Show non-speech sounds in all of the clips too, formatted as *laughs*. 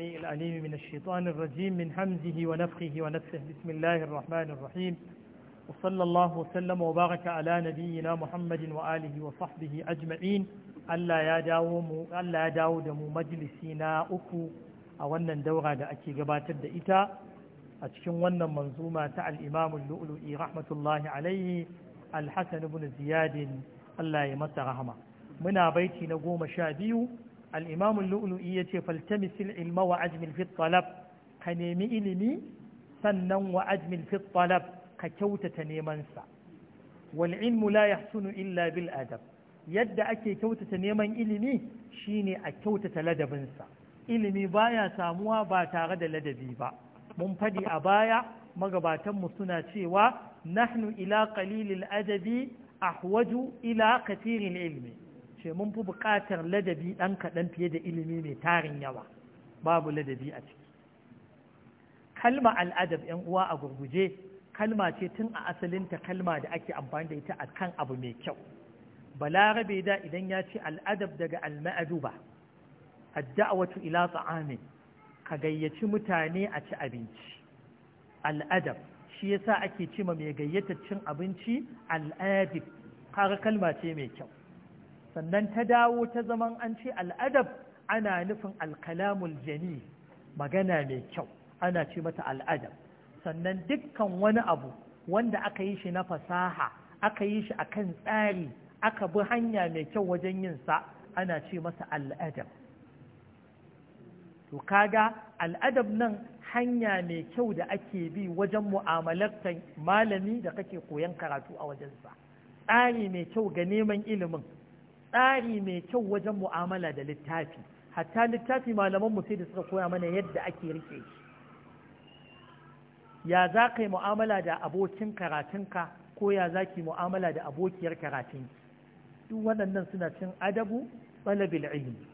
العليم من الشيطان الرجيم من همزه ونفخه ونفسه بسم الله الرحمن الرحيم وصلى الله وسلم وبارك على نبينا محمد وآله وصحبه أجمعين ألا يا داوم ألا يا داود مو مجلسنا أكو أولا دورة دا أكي قبات الدئتا أتكن ونا منظومة تاع الإمام اللؤلؤي رحمة الله عليه الحسن بن زياد ألا يمس رحمه منا بيتي نقوم شابيو al-imam al-lu'lu'i yace faltamisil ilma wa ajmil fi ka nemi ilimi sannan wa ajmil fi ka kyautata nemansa. sa wal ilmu la yahsunu illa bil adab yadda ake kyautata neman ilimi shine a kyautata ladabinsa. sa ilimi baya samuwa ba tare da ladabi ba mun faɗi a baya magabatan mu suna cewa nahnu ila qalilil adabi ahwaju ila kathiril ilmi ce mun fi buƙatar ladabi ɗan kaɗan fiye da ilimi mai tarin yawa babu ladabi a ciki kalma al'adab ‘yan uwa a gurguje kalma ce tun a asalinta kalma da ake amfani da ita a kan abu mai kyau balarabe da idan ya ce al'adab daga Alma'adu ba, alma'aduba adda'awatu ila ta'amin ka gayyaci mutane a ci abinci al'adab shi yasa ake cima mai gayyatar cin abinci al'adab kalma ce mai kyau sannan ta dawo ta zaman an ce al'adab ana nufin alkalamul jani magana mai kyau ana ce mata al'adab sannan dukkan wani abu wanda aka yi shi na fasaha aka yi shi akan tsari aka bi hanya mai kyau wajen yin sa ana ce masa al'adab to kaga al'adab nan hanya mai kyau da ake bi wajen mu'amalarta malami da kake koyon karatu a wajensa tsari mai kyau ga neman ilimin tsari mai kyau wajen mu'amala da littafi hatta littafi malaman mu sai da suka koya mana yadda ake rike shi ya za ka yi mu'amala da abokin karatunka ko ya za ki mu'amala da abokiyar karatunki duk waɗannan suna cin adabu talabil ilmi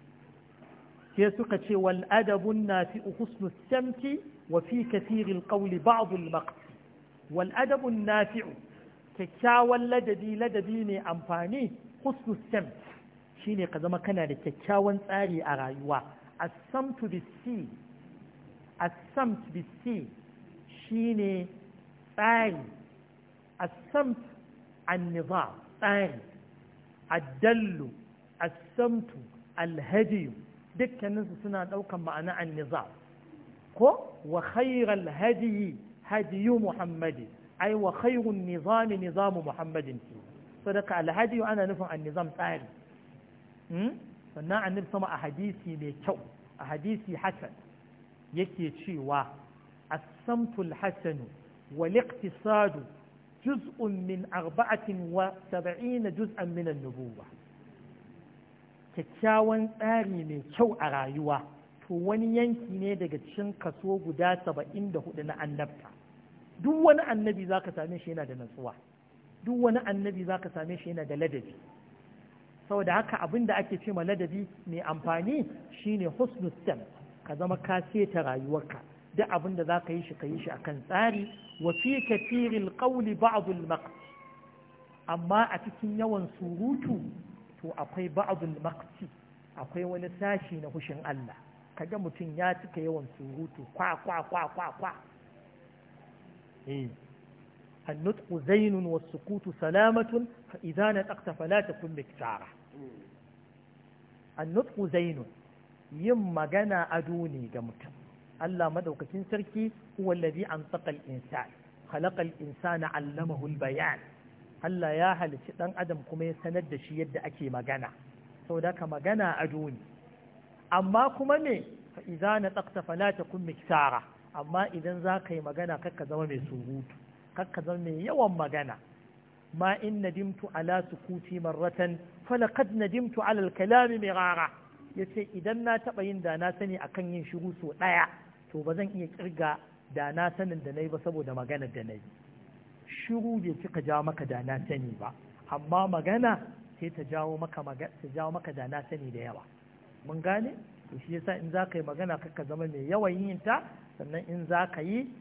sai suka ce wal adabun nafi'u husnu samti wa fi kathiril qawli ba'd maqti wal adabun nafi'u kyakkyawan ladabi ladabi ne amfani husnu samti shine ka zama kana da kyakkyawan tsari a rayuwa as-samtu bis-si as-samtu shine tsari as-samt an tsari ad-dallu as-samtu dukkaninsu suna ɗaukan ma'ana an ko wa khayral hadi hadiyu muhammadin ai wa khayrun nizami nizamu muhammadin sadaka al ana nufin annizam tsari Hmm? sannan annabi sama a hadisi mai kyau a hadisi hasan yake cewa as-samtul hasanu wal iqtisadu juz'un min arba'atin wa sab'ina juz'an min an-nubuwah kyakkyawan tsari mai kyau a rayuwa to wani yanki ne daga cikin kaso guda saba'in da hudu na annabta duk wani annabi za ka same shi yana da natsuwa duk wani annabi za ka same shi yana da ladabi saboda haka abin da ake ce ma ladabi mai amfani shine husnul sam ka zama ka seta rayuwarka duk abin da za ka yi shi ka yi shi akan tsari wa fi kathiril qawli ba'dul maqt amma a cikin yawan surutu to akwai ba'dul maqti akwai wani sashi na hushin Allah kaga mutum ya cika yawan surutu kwa kwa kwa kwa kwa eh النطق زين والسكوت سلامة فإذا نطقت فلا تكن بكتارة annutku yin magana ado ne ga mutum Allah madaukakin sarki huwa allazi antaqa al-insan khalaqa insana bayan Allah ya halici ɗan adam kuma ya sanar da shi yadda ake magana saboda ka magana ado ne amma kuma me fa idza nataqta fala kun miksara amma idan za ka yi magana kakka zama mai surutu kakka zama mai yawan magana ma in nadimtu ala sukuti maratan falaqad nadimtu ala al-kalami mirara yace idan na taɓa yin da na sani akan yin shiru so ɗaya to bazan iya kirga da na sanin da nayi ba saboda magana da nayi shiru bai cika jawo maka da na sani ba amma magana sai ta jawo maka ta da na sani da yawa mun gane to shi yasa in zaka yi magana ka zama mai yawan yin ta sannan in zaka yi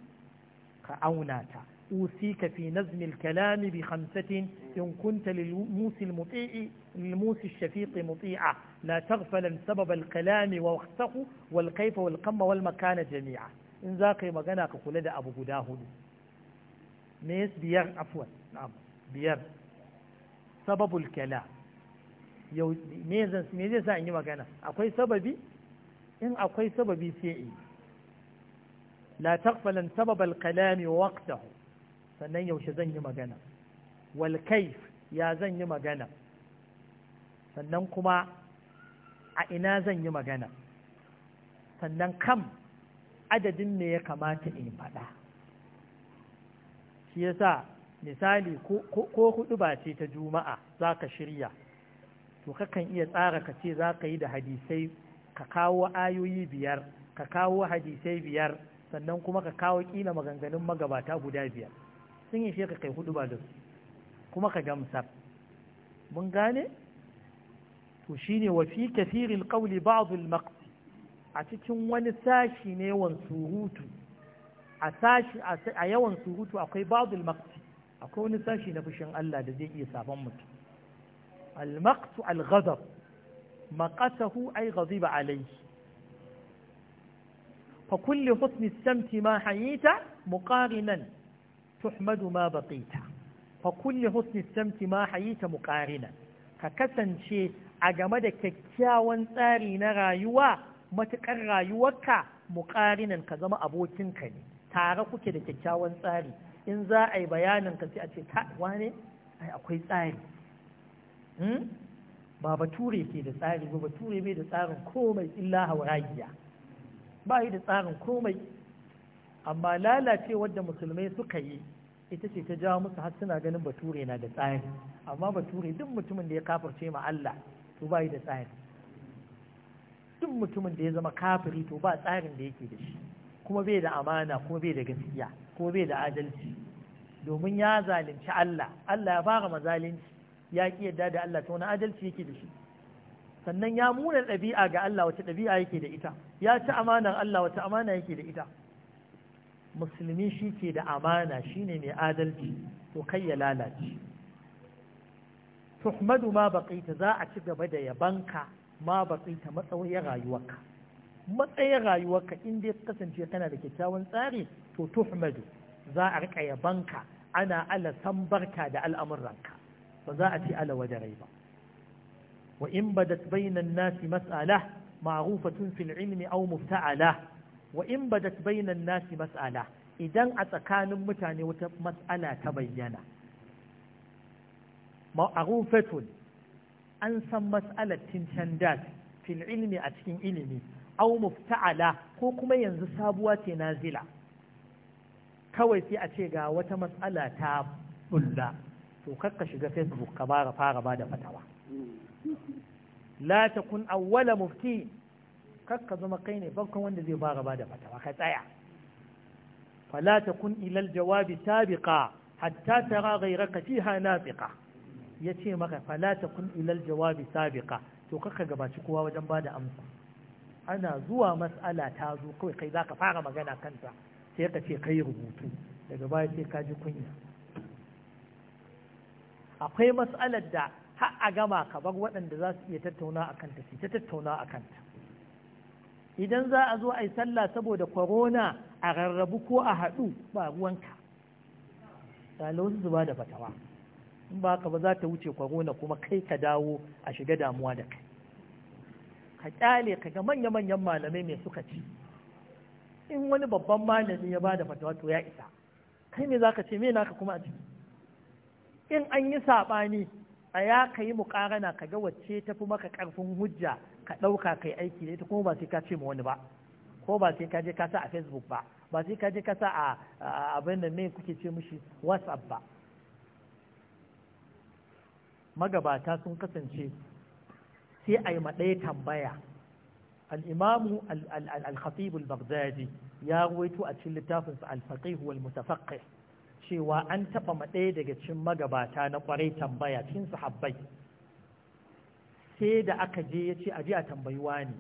ka auna ta أوصيك في نزم الكلام بخمسة إن كنت للموس المطيع للموس الشفيق مطيعة لا تغفلا سبب الكلام ووقته والكيف والقم والمكان جميعا إن ذاك مغانا خلد ده أبو قداه ميس بيار عفوا نعم بيار سبب الكلام ميزا ميزا zai sa أقوي سببي إن أقوي سببي سيئي لا sababi سبب الكلام ووقته sannan yaushe zan yi magana wal ya zan yi magana sannan kuma a ina zan yi magana sannan kam adadin ne ya kamata in faɗa shi yasa misali ko hudu ba ce ta juma'a za ka shirya to kakan iya tsara ka ce za ka yi da hadisai ka kawo ayoyi biyar ka kawo hadisai biyar sannan kuma ka kawo kila maganganun magabata guda biyar sun yi sheka kai hudu ba da su kuma ka gamsar mun gane to shine wa fi kathiril qawli a cikin wani sashi ne yawan surutu a sashi a yawan surutu akwai ba'd al akwai wani sashi na fushin Allah da zai iya sabon mutum al maqtu al ghadab maqatahu ay ghadiba alayhi fa kulli husni istamti ma hayita muqarinan تحمد ما بقيت فكل حسن السمت ما حييت مقارنا ككسن شيء أجمد ككياوان تاري نرايوا متكر رايوك مقارنا كزما أبوتين كني تعرفوا كده ككياوان تاري in za a yi bayanin ka sai a ce ta akwai tsari ba bature ke da tsari ba bature bai da tsarin komai illa hauragiya ba yi da tsarin komai amma lalacewar da musulmai suka yi ita ce ta jawo musu har suna ganin bature na da tsari amma bature duk mutumin da ya kafirce ma Allah to bai da tsari duk mutumin da ya zama kafiri to ba tsarin da yake da shi kuma bai da amana kuma bai da gaskiya kuma bai da adalci domin ya zalunci Allah Allah ya fara mazalunci ya ki yadda da Allah to wani adalci yake da shi sannan ya muna ɗabi'a ga Allah wata ɗabi'a yake da ita ya ci amanar Allah wata amana yake da ita musulmi shi ke da amana shi ne mai adalci to kai ya lalace tuhmadu ma baƙaita za a ci gaba da yabanka ma baƙaita matsayin rayuwarka matsayin rayuwarka in dai kasance kana da kyakkyawan tsari to tuhmadu za a riƙa yabanka ana ala san barka da al'amuranka ba za a ci ala rai ba wa in badat bainan nasi mas'ala ma'rufatun fil ilmi aw mufta'ala wa in badat bainan nasi mas'ala idan a tsakanin mutane wata mas'ala ta bayyana ma'arufatun an san mas'alar tintandat fil ilmi a cikin ilimi au mufta'ala ko kuma yanzu sabuwa ce nazila kawai sai a ce ga wata mas'ala ta bulla to kakka shiga facebook ka fara ba da fatawa la kun awwala mufti kar ka zama kai ne farkon wanda zai fara bada da fatawa ka tsaya fala kun ilal jawabi sabiqa hatta tara ghayraka fiha nafiqa yace maka fala kun ilal jawabi sabiqa to kaka gabaci kowa wajen ba da amsa ana zuwa mas'ala ta zo kawai kai zaka fara magana kanta sai ka ce kai rubutu daga baya sai ka ji kunya akwai mas'alar da har a gama ka bar waɗanda za su iya tattauna a kanta su ta tattauna a kanta idan za a zo a yi sallah saboda korona a rarrabu ko a haɗu ba ruwanka ɗalibansu su ba da fatawa in ba ka ba za ta wuce korona kuma kai ka dawo a shiga damuwa da kai ka kyale ka ga manya-manyan malamai mai suka ci in wani babban malami ya ba da fatawa to ya isa kai me za ka ce me naka kuma a ciki in an yi saɓani a ya ka yi muƙarana ka ga wacce ta fi maka ƙarfin hujja ka ɗauka kai aiki da ita kuma ba sai ka ce ma wani ba ko ba sai ka je ka sa a facebook ba ba sai ka je ka sa a abin da ne kuke ce mishi whatsapp ba magabata sun kasance sai a yi tambaya al'imamu al-khatib al-baghdadi ya ruwaito a cikin littafinsa al-faqih wal cewa an taɓa maɗaya daga cikin magabata na ƙwarai tambaya cikin sahabbai sai da aka je ya ce a ji a tambayi wani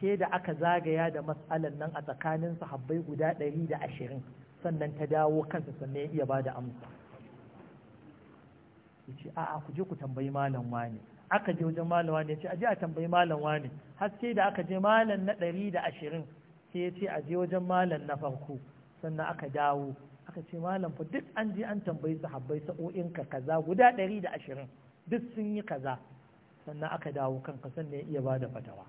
sai da aka zagaya da matsalan nan a tsakanin sahabbai guda ɗari da ashirin sannan ta dawo kansa sannan ya iya ba da amsa ya ce a ku je ku tambayi malam wani aka je wajen malam wani ya ce a ji a tambayi malam wani har sai da aka je malam na ɗari da ashirin sai ya ce a je wajen malam na farko sannan aka dawo aka ce malam fa duk an je an tambayi sahabbai sa'o'inka kaza guda ɗari da ashirin duk sun yi kaza sannan aka dawo kanka sannan ya iya ba da fatawa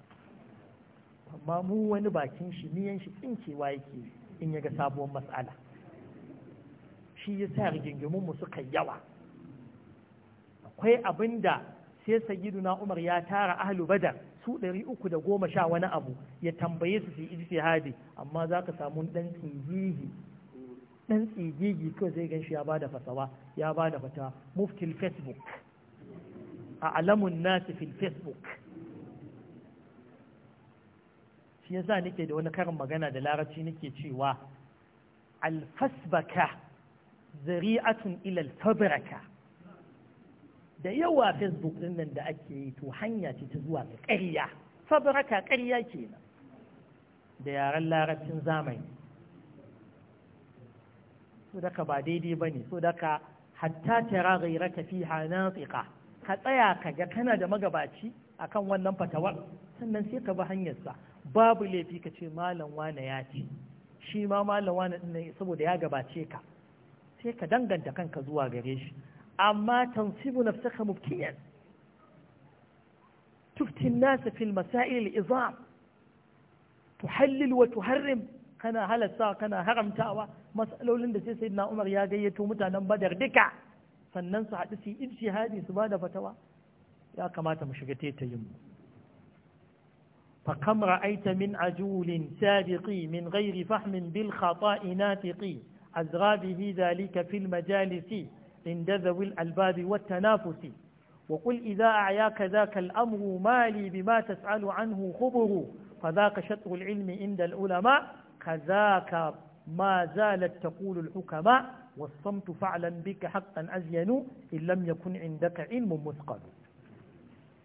amma mu wani bakin shi niyan shi tsinkewa yake in ya ga sabuwar matsala shi ya sa rigingimin mu suka yawa akwai abinda sai sai na umar ya tara ahlu badar su ɗari uku da goma sha wani abu ya tambaye su su ijtihadi amma za ka samu ɗan tsigigi ɗan tsigigi kawai zai gan shi ya bada fasawa ya bada fatawa muftil facebook أعلم الناس في الفيسبوك shi yasa nake da wani karin magana da larabci nake cewa alfasbaka zari'atun ilal fabraka da yawa facebook din nan da ake yi to hanya ce ta zuwa ga ƙarya fabraka ƙarya kenan da yaren larabcin zamani so daka ba daidai ba ne so daka hatta tara gairaka fi hanatiƙa ka tsaya ka ga kana da magabaci akan wannan fatawar sannan sai ka bi hanyarsa babu laifi ka ce malam wane ya ce shi ma malam wane din saboda ya gabace ka sai ka danganta kanka zuwa gare shi amma tansibu nafsaka mubtiyan tuftin nasa في المسائل الإظام تحلل وتحرم كان kana الساعة kana haramtawa masalolin da sai Sayyidina Umar ya gayyato mutanen نمبدر duka. sannan su haɗu su yi ijtihadi su ba da fatawa ya kamata mu shiga teta yin mu fa kam ra'aita min ajulin sabiqi min ghairi fahmin bil khata'i natiqi azra bihi dhalika fil majalisi inda zawil albabi wat tanafusi wa وقل إذا أعياك ذاك الأمر ما لي بما تسأل عنه خبر فذاك شطر العلم عند العلماء كذاك ما زالت تقول الحكماء والصمت فعلا بك حقا أزين إن لم يكن عندك علم مثقل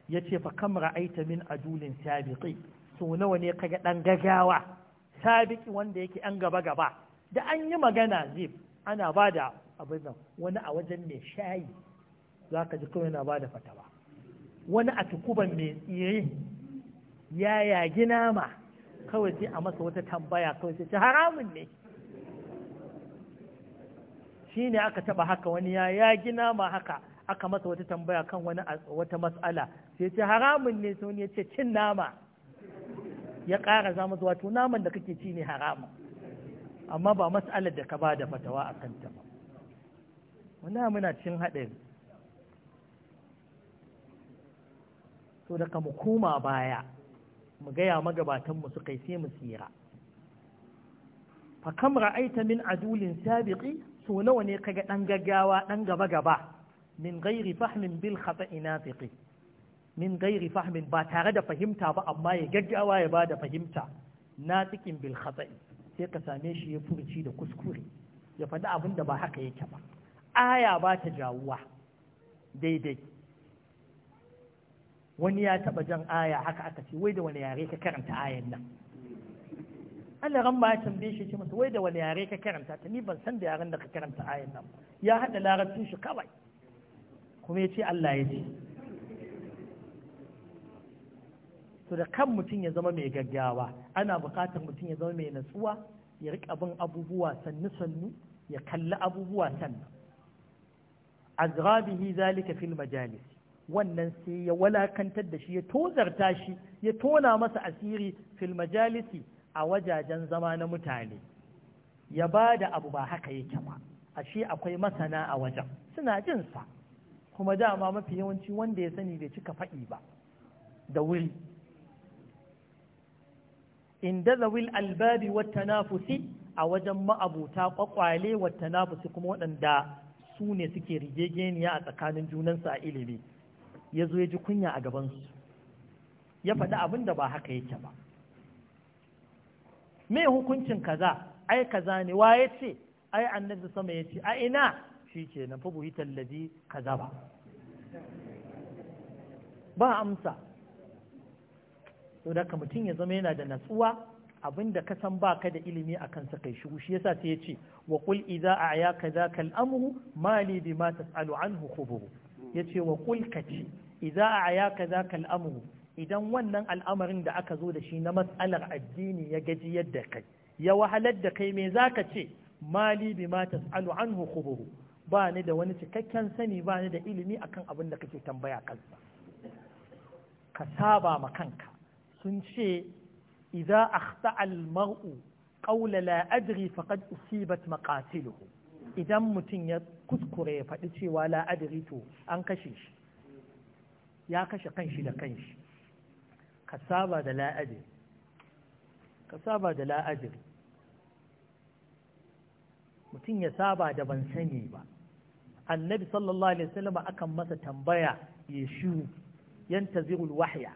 يتي فكم رأيت من أجول سابقي سونو نيقى أنقاقاوة سابق وانديك أنقبقبا da an yi magana zai ana ba da wani a wajen mai shayi za ka ji kawai na ba da fatawa wani a tukuban mai tsiri ya yagi nama kawai sai a masa wata tambaya kawai sai haramun ne Shi ne aka taba haka wani ya ya gina ma haka aka masa wata tambaya kan wani wata mas'ala sai ce haramun ne sai ya ce cin nama ya ƙara za mu zuwa to naman da kake ci ne haramun amma ba mas'alar da ka ba da fatawa a kanta ba wala muna cin haɗari so daga mu koma baya mu gaya magabatanmu su kai sai mu tsira fa kam ra'aita min adulin sabiqi so nawa ne kaga dan gaggawa dan gaba gaba min gairi fahmin bil khata'i nafiqi min gairi fahmin ba tare da fahimta ba amma ya gaggawa ya bada fahimta natiqin bil khata'i sai ka same shi ya furci da kuskure ya faɗi abin da ba haka yake ba aya ba ta jawuwa daidai wani ya taɓa jan aya haka aka ce wai da wani yare ka karanta ayan nan Allah ran ma ya tambaye shi ce masa wai da wani yare ka karanta ta ni ban san da yaren da ka karanta ayan nan ya hada larabcin shi kawai kuma ya ce Allah ya ce to da kan mutum ya zama mai gaggawa ana buƙatar mutum ya zama mai natsuwa ya riƙa bin abubuwa sannu sannu ya kalli abubuwa sannan azrabihi zalika fil majalis wannan sai ya walakantar da shi ya tozarta shi ya tona masa asiri fil majalisi a wajajen zama na mutane ya ba da abu ba haka yake ba a shi akwai masana a wajen suna jin sa kuma dama mafi yawanci wanda ya sani bai cika faɗi ba da wuri inda wil albabi wata nafusi a wajen ma'abuta kwakwale wata nafusi kuma waɗanda su ne suke rigegeniya a tsakanin junansu a ilimi ya zo ya ji kunya a gabansu ya faɗi abin da ba haka yake ba me hukuncin kaza ai kaza ne wa ya ce ai annabi sama ya ce a ina shi ke nan fa buhitar ladi kaza ba ba amsa to da ka mutum ya zama yana da natsuwa abinda ka san ba ka da ilimi a kansa kai shiru shi yasa sai ya ce wa qul idza a'ya kaza kal amru mali bima tas'alu anhu khuburu yace wa qul kaci idza aya kaza kal amru idan wannan al'amarin da aka zo da shi na matsalar addini ya gaji yadda kai ya wahalar da kai me zaka ce mali bi ma tas'alu an khubuhu ba ni da wani cikakken sani ba ni da ilimi akan abin da kake tambaya kansa ka saba ma kanka sun ce iza akhta al mar'u qawla la adri usibat maqatiluhu idan mutum ya kuskure ya faɗi cewa la'adiri to an kashe shi ya kashe kanshi da kanshi ka saba da la'ajir ka saba da la'ajir mutum ya saba da ban sani ba annabi sallallahu alaihi wasallam akan masa tambaya ya shu yantazirul wahya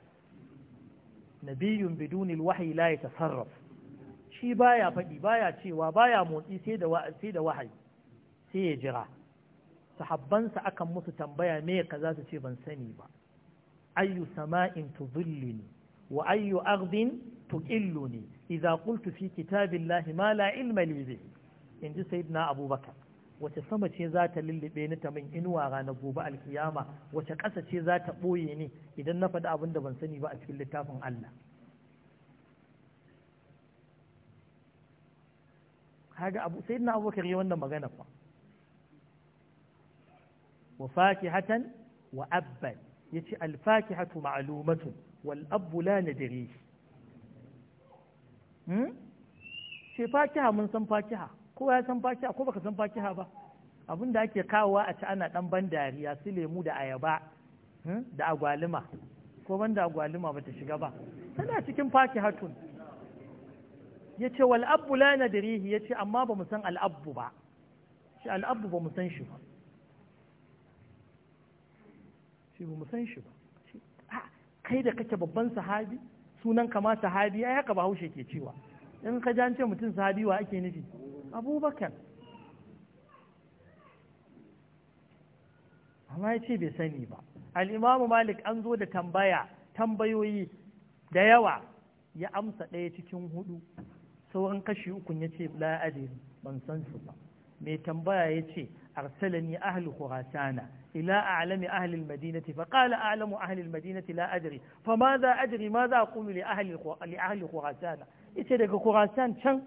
nabiyun biduni alwahyi la yatasarraf shi baya faɗi baya cewa baya motsi sai da sai da wahayi sai ya jira sahabbansa akan musu tambaya me kaza su ce ban sani ba ayyu sama'in tudhillini wa ayyu arzin tuqilluni idza qultu fi kitabillahi ma la ilma li bihi inji sayyidina abubakar wace sama ce za ta lullube ni ta min inuwa ranar gobe alkiyama wace ƙasa ce za ta ɓoye ni idan na faɗi abin da ban sani ba a cikin littafin Allah kaga abu sai na abubakar yi wannan magana fa wa fakihatan wa abban yace al fakihatu ma'lumatun wal abu la nadiri ce hmm? fatiha mun san fatiha kowa ya san fatiha ko baka san fatiha ba abin da ake kawowa a ci ana dan ban dariya su lemu da ayaba hmm, da agwaluma ko ban da agwaluma bata shiga ba tana cikin fatihatun ya ce wal abu la nadirihi ya ce amma ba mu san al'abbu ba shi al'abbu ba mu san shi ba shi mu san shi ba kai da kake babban sahabi sunan kama sahabi ai haka bahaushe ke cewa in ka ji an ce mutum sahabi wa ake nufi abubakar amma ya ce bai sani ba al'imamu malik an zo da tambaya tambayoyi da yawa ya amsa ɗaya cikin hudu sauran kashi ukun ya ce la ban san su ba mai tambaya ya ce arsalani ahli khurasana إلى أعلم أهل المدينة فقال أعلم أهل المدينة لا أدري فماذا أدري ماذا أقول لأهل لأهل خراسان إيش daga خراسان can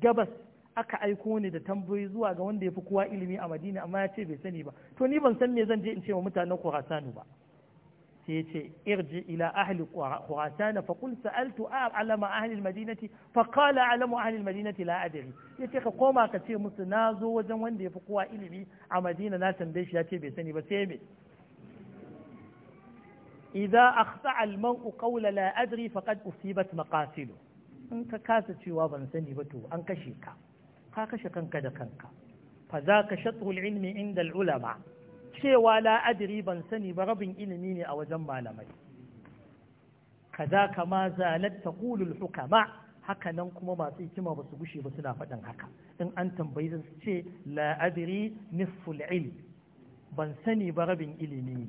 gabas aka aiko ni da tambayoyi zuwa ga wanda ya fi kowa ilimi a Madina amma ya ce bai sani ba to ni ban san me zan je in ce wa mutanen Khurasan ba sai ya ce irji ila ahli khurasan fa qul sa'altu a'lama ahli madinati fa qala a'lamu ahli madinati la ya ce ka koma ka ce musu na zo wajen wanda yafi kowa ilimi a madina na tambaye shi ce bai sani ba sai me idza akhta almar'u qawla la adri faqad usibat maqasilu in ka kasa cewa ban sani ba to an kashe ka ka kashe kanka da kanka fa za ka shatru ilmi inda ulama cewa la'adiri ban sani ba rabin ilimi ne a wajen malamai kaza kama zalatta taqulul hukama haka nan kuma masu hikima ba su gushe ba suna faɗin haka in an tambayi su ce la'adiri nisful ilm ban sani ba rabin ilimi ne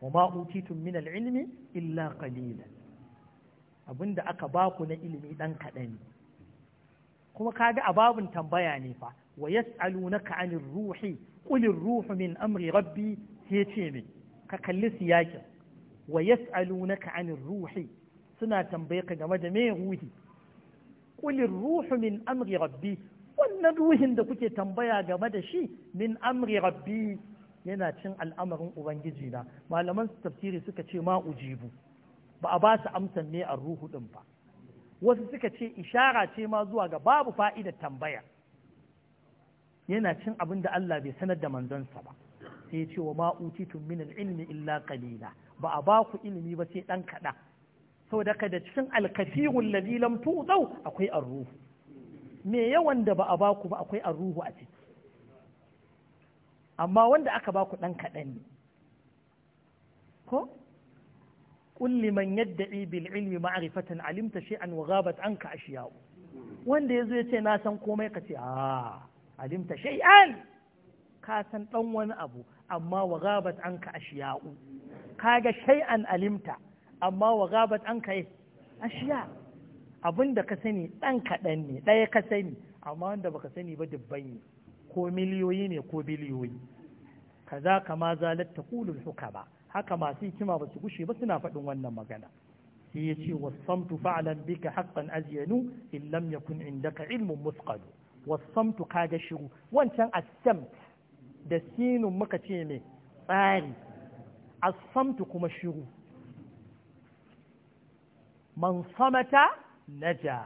wa ma utitum min ilmi illa qalilan da aka baku na ilimi dan kaɗan ne kuma kaga a babun tambaya ne fa wa yas'alunaka 'anil ruhi qul ruhu min amri rabbi sai ce me ka kalli siyakin wa yas'alunaka 'anil ruhi suna tambaye ka game da me ruhi qul ruhu min amri rabbi wannan ruhin da kuke tambaya game da shi min amri rabbi yana cin al'amarin ubangiji na malaman tafsiri suka ce ma ujibu ba a ba su amsan ne a ruhu din ba wasu suka ce ishara ce ma zuwa ga babu fa'idar tambaya yana cin abin da Allah bai sanar da manzonsa ba sai ce wa ma'utitun min ilmi illa kalila. ba a baku ilimi ba sai ɗan kaɗa Sau ka da cikin alkasirun ladhi lam tu'tau akwai ruhu me yawan da ba a baku ba akwai arruhu a ciki amma wanda aka baku ɗan kaɗan ne ko قل لمن يدعي بالعلم معرفة علمت شيئا وغابت عنك أشياء wanda ya zo ya ce na san komai ka ce a alimta shay'an ka san dan wani abu amma wa gabat anka ashiya'u kaga shay'an alimta amma wa gabat anka ashiya da ka sani dan kaɗan ne ɗaya ka sani amma wanda baka sani ba dubban ne ko miliyoyi ne ko biliyoyi kaza kama zalat taqulul hukama haka masu hikima ba su gushe ba suna faɗin wannan magana sai ya ce wasamtu fa'lan bika haqqan azyanu in lam yakun indaka ilmun musqal wasamtu kaga shiru wancan asam da sinun muka ce ne tsari asamtu kuma shiru man samata naja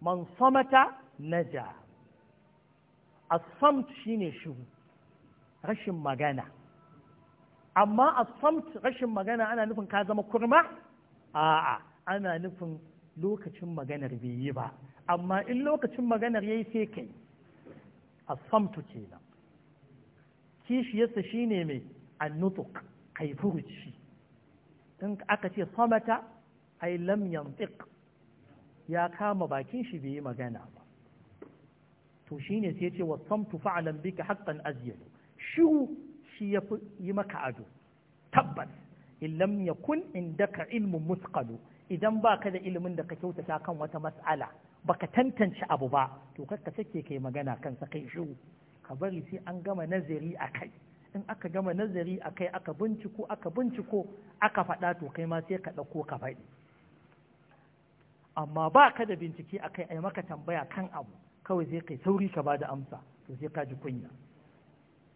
man samata naja asamt shine shiru rashin magana amma a samt rashin magana ana nufin ka zama kurma a'a ana nufin lokacin maganar bai yi ba amma in lokacin maganar yayi sai kai a samtu kenan kishiyarsa shine mai annutuk kai furuci in aka ce samata ai lam yantiq ya kama bakin shi bai yi magana ba to shine sai ce wa samtu fa'lan bika haqqan azyadu shiru shi ya fi yi maka ado tabbas illam inda ka ilmin mutqalu idan ba ka da ilimin da ka kyautata kan wata mas'ala ka tantance abu ba to ka sake kai magana kan sa kai shiru ka bari sai an gama nazari a kai in aka gama nazari a kai aka binciko aka binciko aka faɗa to kai ma sai ka ɗauko ka faɗi amma ba ka da bincike a kai a maka tambaya kan abu kawai sai kai sauri ka ba da amsa to sai ka ji kunya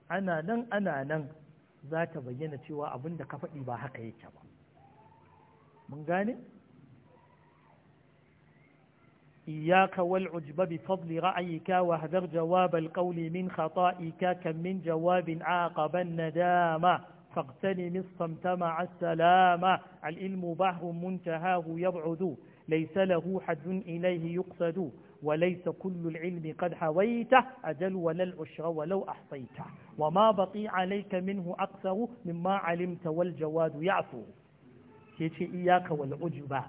ana nan ana nan za ta bayyana cewa abin da ka faɗi ba haka yake ba mun gane إياك والعجب بفضل رأيك واهذر جواب القول من خطائك كم من جواب عاقب الندامة فاغتنم الصمتمع السلامة العلم بحر منتهاه يبعد ليس له حد إليه يقصد وليس كل العلم قد حويته أجل ولا العشر ولو أحصيته وما بقي عليك منه أكثر مما علمت والجواد يعفو يتي إياك والعجبة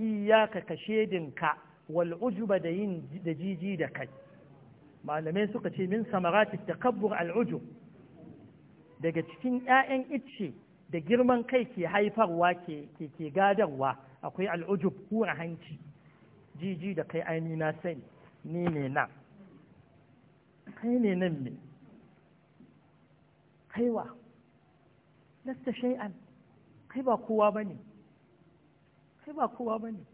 إياك كشيدنك والعجبة دين دجيجي دكي ما لم يسقط من ثمرات التكبر العجب daga cikin ‘ya'yan icce da girman kai ke haifarwa ke gadarwa akwai al'ujub hura hanci jiji da kai aini na sani ni ne nan kai ne nan ne kaiwa lasta shay'an kai ba kowa ba ne kai ba kowa ba ne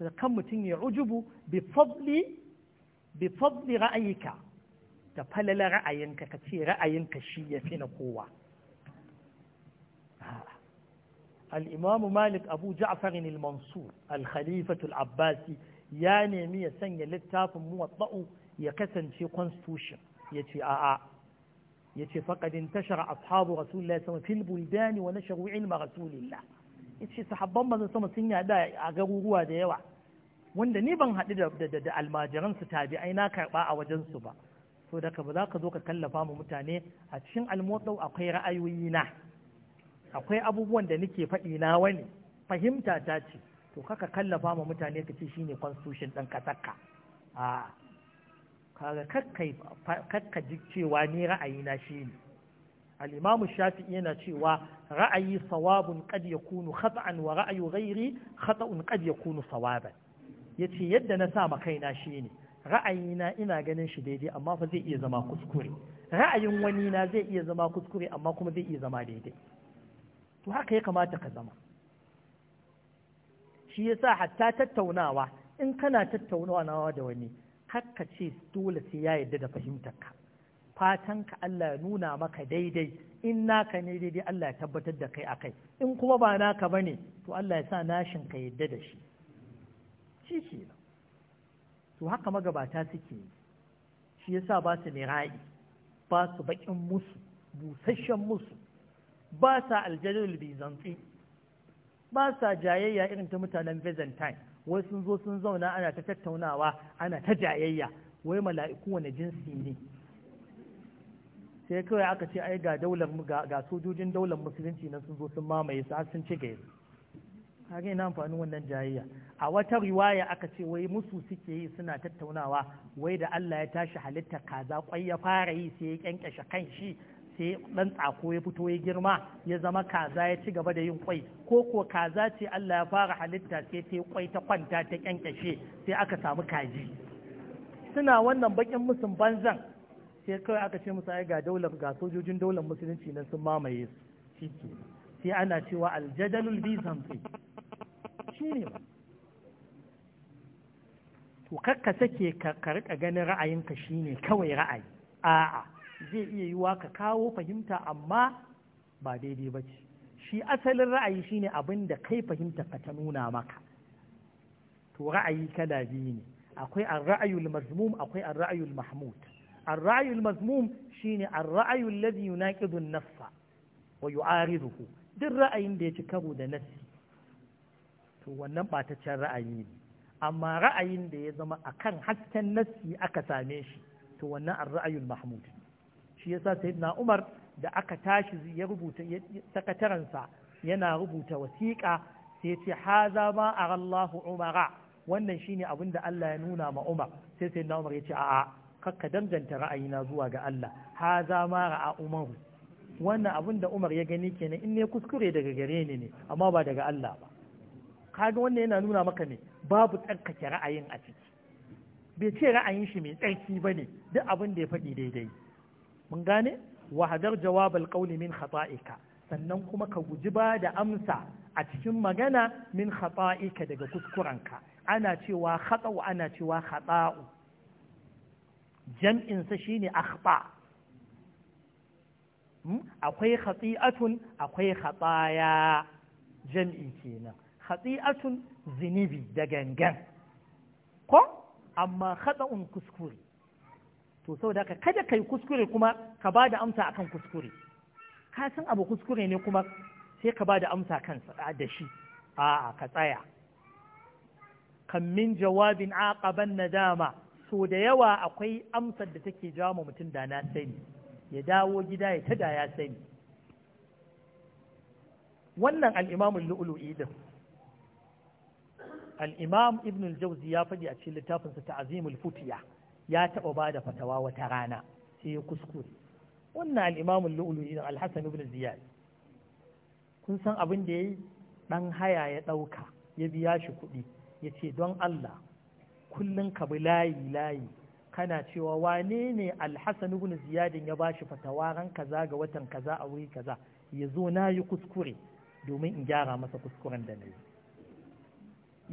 da kan mutum ya ujubu bi fadli bi fadli ra'ayika da falala ra'ayinka ka ce ra'ayinka shi ya fi na kowa al'imamu malik abu ja'farin al-mansur al-khalifatul abbasi ya nemi ya sanya littafin muwatta'u ya kasance constitution ya ce a'a ya ce faƙadin tashar ashabu rasulullah ya sama fil buldani wa nasharu ma rasulillah ya ce sahabban mazan sama sun yada a garuruwa da yawa wanda ni ban haɗu da almajiran su tabi'ai na karɓa a wajen su ba so daga ba za ka zo ka kallafa mu mutane a cikin almotsa akwai ra'ayoyi na akwai abubuwan da nake faɗi na wani fahimta ta ce to kaka kallafa ma mutane ka ce shine constitution ɗan kasakka a kaga kakka ji cewa ni ra'ayi na shi ne al'imamu shafi'i yana cewa ra'ayi sawabun ya kunu khata'an wa ra'ayu ghairi khata'un ya kunu sawaban yace yadda na sa ma kaina ra'ayi na ina ganin shi daidai amma fa zai iya zama kuskure ra'ayin wani na zai iya zama kuskure amma kuma zai iya zama daidai to haka ya kamata ka zama shi sa hatta tattaunawa in kana tattaunawa nawa da wani ka ce dole sai ya yadda da fahimtarka fatanka Allah ya nuna maka daidai in naka ne daidai Allah ya tabbatar da kai akai in kuma ba naka bane to Allah ya sa nashin ka yadda da shi shi ke to haka magabata suke yi shi sa ba su mira'i ba su baƙin musu busasshen musu ba sa aljalil bizanti ba sa jayayya irin ta mutanen byzantine wai sun zo sun zauna ana ta tattaunawa ana ta jayayya wai mala'iku wani jinsi ne sai kawai aka ce ai ga daular ga sojojin daular musulunci na sun zo sun mamaye su har sun ci gaya har ina amfanin wannan jayayya a wata riwaya aka ce wai musu suke yi suna tattaunawa wai da Allah ya tashi halitta kaza kwai ya fara yi sai ya kyankyashe kan shi sai dan tsako ya fito ya girma ya zama kaza ya ci gaba da yin kwai ko ko kaza ce Allah ya fara halitta sai ta kwai ta kwanta ta kyankyashe sai aka samu kaji suna wannan bakin musun banzan sai kawai aka ce musu ai ga daular ga sojojin daular musulunci nan sun mamaye su shike sai ana cewa aljadalul zamfi shine to kakka sake ka rika ganin ra'ayinka shine kawai ra'ayi a'a zai iya yiwa ka kawo fahimta amma ba daidai ba ce shi asalin ra'ayi shine abin da kai fahimta ka ta nuna maka to ra'ayi kala biyu ne akwai ar-ra'ayul mazmum akwai ar-ra'ayul mahmud ar-ra'ayul mazmum shine ar-ra'ayul ladhi yunaqidu an-nafsa wa yu'ariduhu duk ra'ayin da ya ci karo da nassi to wannan ɓataccen ra'ayi ne amma ra'ayin da ya zama akan hasken nassi aka same shi to wannan ar-ra'ayul mahmud shi yasa sayyidina Umar da aka tashi ya rubuta sakataransa yana rubuta wasiƙa sai ce haza ma a Allah umara wannan shine abin da Allah ya nuna ma Umar sai sayyidina Umar ya ce a'a kakka danganta ra'ayina zuwa ga Allah haza ma ra'a Umaru wannan abin da Umar ya gani kenan in ne kuskure daga gare ni ne amma ba daga Allah ba kaga wannan yana nuna maka ne babu tsarkake ra'ayin a ciki bai ce ra'ayin shi mai tsarki bane duk abin da ya faɗi daidai mun gane wahadar jawabal qawli min khata'ika sannan kuma ka guji ba da amsa a cikin magana min khata'ika daga kuskurenka ana cewa khata'u ana cewa khata'u jam'in sa shine akhta hmm? akwai khati'atun akwai khataya jam'i kenan khati'atun zinibi da gangan ko amma khata'un kuskure to saboda ka kada kai kuskure kuma ka ba da amsa akan kuskure ka san abu kuskure ne kuma sai ka ba da amsa kan da shi a'a ka tsaya kan min jawabin aqaban nadama so da yawa akwai amsar da take jawo mutum da na sani ya dawo gida ya tada ya sani wannan al'imamun lu'ulu'i din al'imam ibn al jawzi ya faɗi a cikin littafinsa ta ta'zimul futiya ya taɓa ba da fatawa wata rana sai ya kuskure wannan al'imamun lu'ulu'i da alhassan ibn ziyad kun san abin da ya yi ɗan haya ya ɗauka ya biya shi kuɗi ya ce don Allah kullum ka bi layi layi kana cewa wane ne alhassan ibn ziyadin ya bashi fatawa ran kaza ga watan kaza a wuri kaza ya zo na yi kuskure domin in gyara masa kuskuren da na yi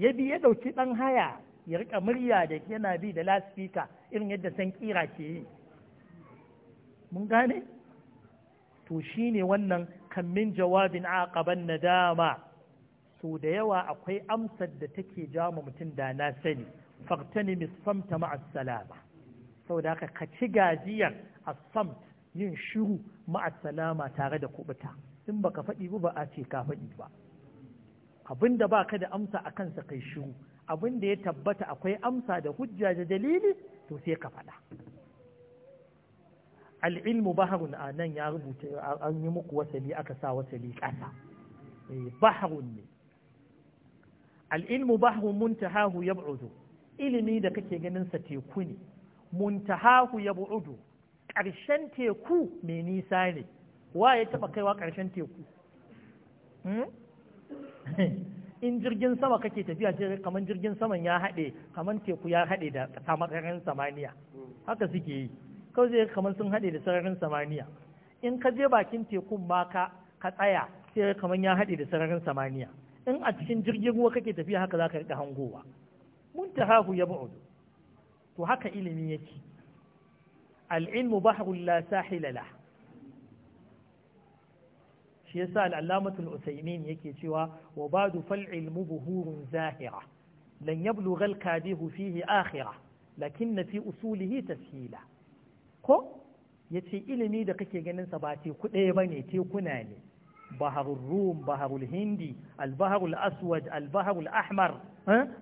ya bi ya ɗauki ɗan haya ya rika murya da yana bi da laspika irin yadda san kira ke yi mun gane to shine wannan kammin jawabin aqaban nadama so da yawa akwai amsar da take jama mutum da na sani faktani misamta ma'as salama saboda haka ka ci gajiyar asamt yin shiru ma'as salama tare da kubuta in baka faɗi ba ba a ce ka faɗi ba abinda baka da amsa a kansa kai shiru abin da ya tabbata akwai amsa da hujja da dalili to sai ka faɗa al'ilmu baharun a nan ya rubuta an yi muku wasali aka sa wasali ƙasa eh, baharun ne al'ilmu baharun muntahahu ya bu'udu ilimi da kake ganin sa teku ne muntahahu ya bu'udu ƙarshen teku mai nisa ne wa ya taɓa kaiwa ƙarshen teku hmm? *laughs* in jirgin sama kake tafiya ce kamar jirgin saman ya haɗe kamar teku ya haɗe da sararin samaniya haka suke yi kawai zai kamar sun haɗe da sararin samaniya in ka je bakin tekun ma ka ka tsaya sai kamar ya haɗe da sararin samaniya in a cikin jirgin ruwa kake tafiya haka za ka riƙa hangowa Mun hahu ya ba'udu to haka ilimi yake al'ilmu ilmu bahrul la sahila shi yasa al'allamatul usaimin yake cewa wa badu fal ilmu buhurun zahira lan yablugha al kadihu fihi akhira lakinna fi usulihi tashila ko yace ilimi da kake ganin sa ba teku ɗaya bane te kuna ne baharul rum baharul hindi al baharul aswad al baharul ahmar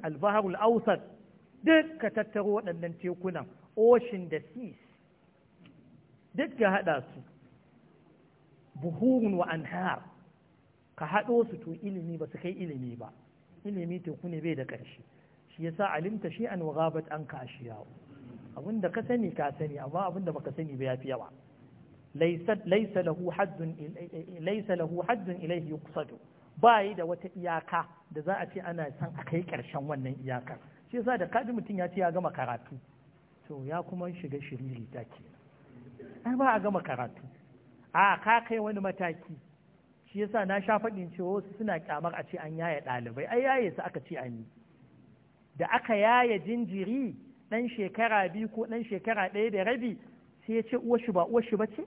al baharul awsat dukka ka tattaro waɗannan tekunan ocean da seas duk ka haɗa su buhurun wa anhar ka haɗo su to ilimi ba su kai ilimi ba ilimi teku ne bai da ƙarshe shi yasa alimta shi an wagabat an ka ashiyawo abinda ka sani ka sani amma abinda baka sani ba yafi yawa laysa lahu haddun laysa lahu haddun ilayhi yuqsadu da wata iyaka da za a ce ana san a kai ƙarshen wannan iyakar shi yasa da kaji mutum ya ce ya gama karatu to ya kuma shiga shiriri ta ke ba a gama karatu a ka kai wani mataki shi yasa na sha faɗin cewa wasu suna kyamar a ce an yaya ɗalibai ai yaye su aka ce an yi da aka yaya jinjiri ɗan shekara biyu ko ɗan shekara ɗaya da rabi sai ya ce shi ba shi ba ce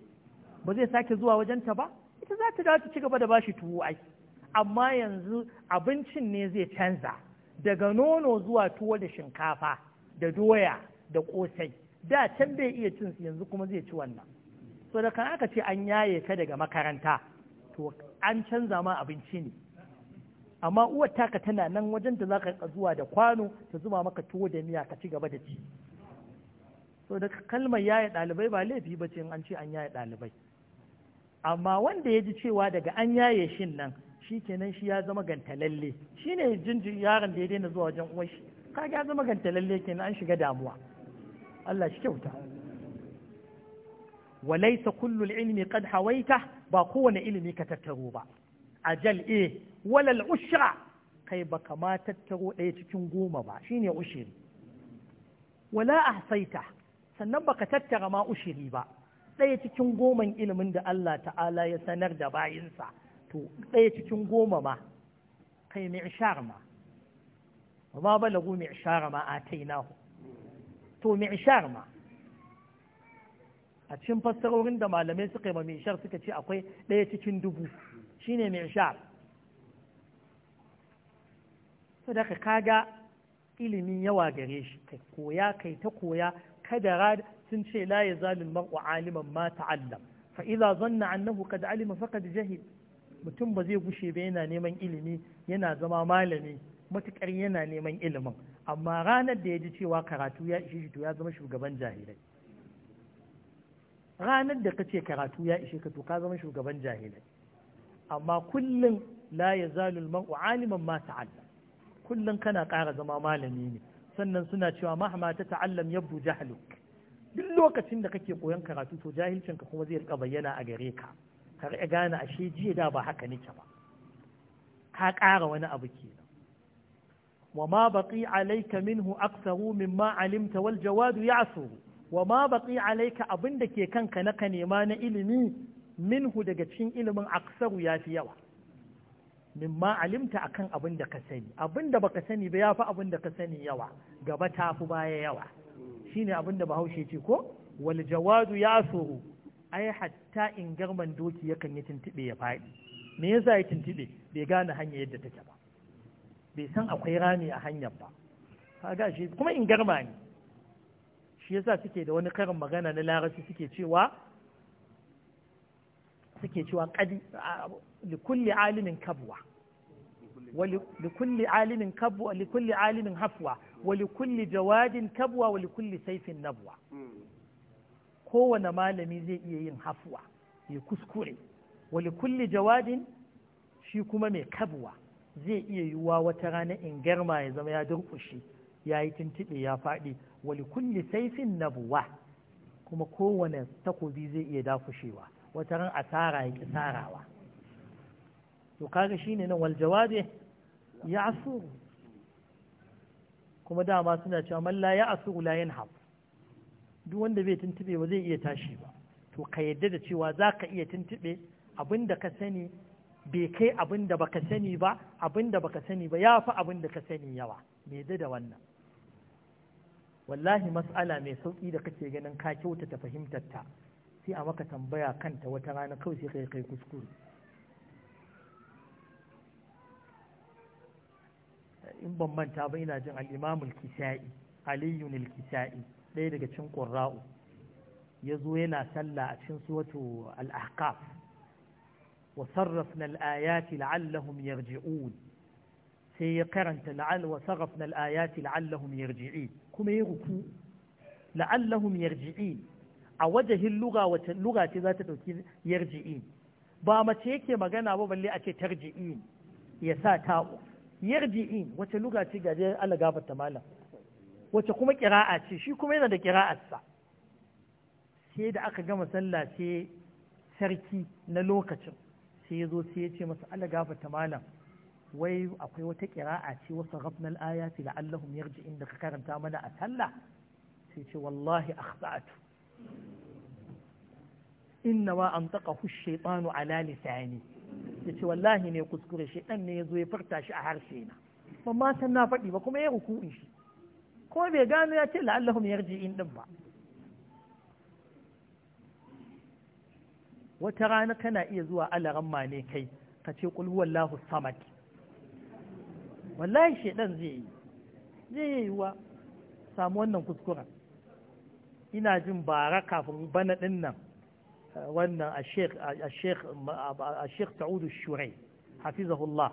ba zai sake zuwa wajenta ba ita za ta dawo ta ci gaba da bashi tuwo ai amma yanzu abincin ne zai canza daga nono zuwa tuwo da shinkafa da doya da ƙosai da can bai iya cin yanzu kuma zai ci wannan so da kan aka ce an yaye ka daga makaranta to an canza ma abinci ne amma uwar taka tana nan wajen da zaka ka zuwa da kwano ta zuma maka tuwo da miya ka ci gaba da ci so da kalmar yaye ɗalibai ba laifi ba ce an ce an yaye ɗalibai amma wanda ya ji cewa daga an yaye shin nan shi kenan shi ya zama gantalalle shi ne jinjin yaron da ya daina zuwa wajen uwar shi ka ya zama gantalalle kenan an shiga damuwa Allah shi kyauta wa laysa kullu ilmi qad hawaita ba kowane ilmi ka tattaro ba ajal eh walal al-ushra kai ba ma tattaro ɗaya cikin goma ba shine ushiri wala ahsaita sannan baka tattara ma ushiri ba ɗaya cikin goman ilimin da Allah ta'ala ya sanar da bayinsa to ɗaya cikin goma ma kai mi'shar ma wa ma balagu mi'shar ma atainahu to mi'shar ma a cikin fassarorin da malamai suka yi ma mishar suka ce akwai ɗaya cikin dubu shi ne mishar su da kaga ilimin yawa gare shi kai koya kai ta koya kadara sun ce la ya zalin mar'u aliman ma ta'allam fa zanna annahu kada alima faqad jahil mutum ba zai gushe ba yana neman ilimi yana zama malami matukar yana neman ilimin amma ranar da ya ji cewa karatu ya ishe shi to ya zama shugaban jahilai ranar da kace karatu ya ishe ka to ka zama shugaban jahilai amma kullum la yazalul mar'u aliman ma ta'allam kullum kana ƙara zama malami ne sannan suna cewa mahama ta ta'allam yabdu jahluk duk lokacin da kake koyon karatu to jahilcinka kuma zai rika bayyana a gare ka har gane ashe jiya da ba haka nake ba ka ƙara wani abu kenan wa ma baqi alayka minhu aktharu mimma alimta wal jawadu ya'suru wa ma baƙi alaika abin da ke kanka na ka nema na ilimi minhu daga cikin ilimin aksaru ya fi yawa mimma alimta akan abin da ka sani abin da baka sani ba ya fi abin da ka sani yawa gaba ta fi baya yawa shine abin da bahaushe ce ko wal jawadu ya suru ai hatta in garman doki yakan yi tuntube ya faɗi me yasa ya tuntube bai gane hanya yadda take ba bai san akwai rami a hanyar ba kaga kuma in garma ne shi yasa suke da wani karin magana na larabci suke cewa suke cewa li kulli alimin kabwa ولكل kulli alimin hafwa wali kulli jawadin kabwa wali kulli سيف nabwa kowane malami zai iya yin hafwa ya kuskure wali kulli jawadin shi kuma mai kabwa zai iya yiwuwa wata rana in garma ya zama ya durkushi. ya yi tuntuɓe ya faɗi wali kulli saifin buwa kuma kowane takobi zai iya dakushewa wata ran asara ya ƙi sarawa to kaga shine nan wal jawabe ya asuru kuma dama suna cewa malla ya asuru la yanhab duk wanda bai tuntuɓe ba zai iya tashi ba to ka yadda da cewa za ka iya tuntube abin da ka sani bai kai abin da baka sani ba abin da baka sani ba ya fi abin da ka sani yawa me da wannan wallahi mas'ala mai sauki da kake ganin ka kyauta ta fahimtar ta sai a maka tambaya kanta wata rana kawai sai kai kai kuskure in ban manta ba ina jin al-Imam al-Kisa'i Ali al-Kisa'i ɗaya daga cikin qurra'u yazo yana sallah a cikin suwatu al-Ahqaf wa sarrafna al-ayati la'allahum yarji'un sai ya karanta la'al wa sarrafna al-ayati la'allahum yarji'un kuma ya ruku la'allahum yarji'in a wajahin luga wace luga ce za ta ɗauki yarji'in ba mace yake magana ba balle a ce tarji'in ya sa ta'u yarji'in wace luga ce gaje Allah malam wace kuma kira'a ce shi kuma yana da kira'arsa sai da aka gama sallah sai sarki na lokacin sai ya zo sai ya ce masa Allah malam wai akwai wata kira'a ce wasu rafnal ayati la'allahum yarji inda ka karanta mana a sallah sai ce wallahi akhta'tu inna wa antaqahu ash-shaytanu ala lisani yace wallahi ne kuskure shi dan ne yazo ya furta shi a harshe na ban ma san na faɗi ba kuma ya ruku'in shi ko bai gano ya ce la'allahum in din ba wata rana kana iya zuwa alaran ne kai ka ce qul huwallahu samad wallahi shaidan zai yi zai yi wa samu wannan kuskuren ina jin bara kafin bana din nan eh, wannan a sheikh ta'udu shurai hafizahullah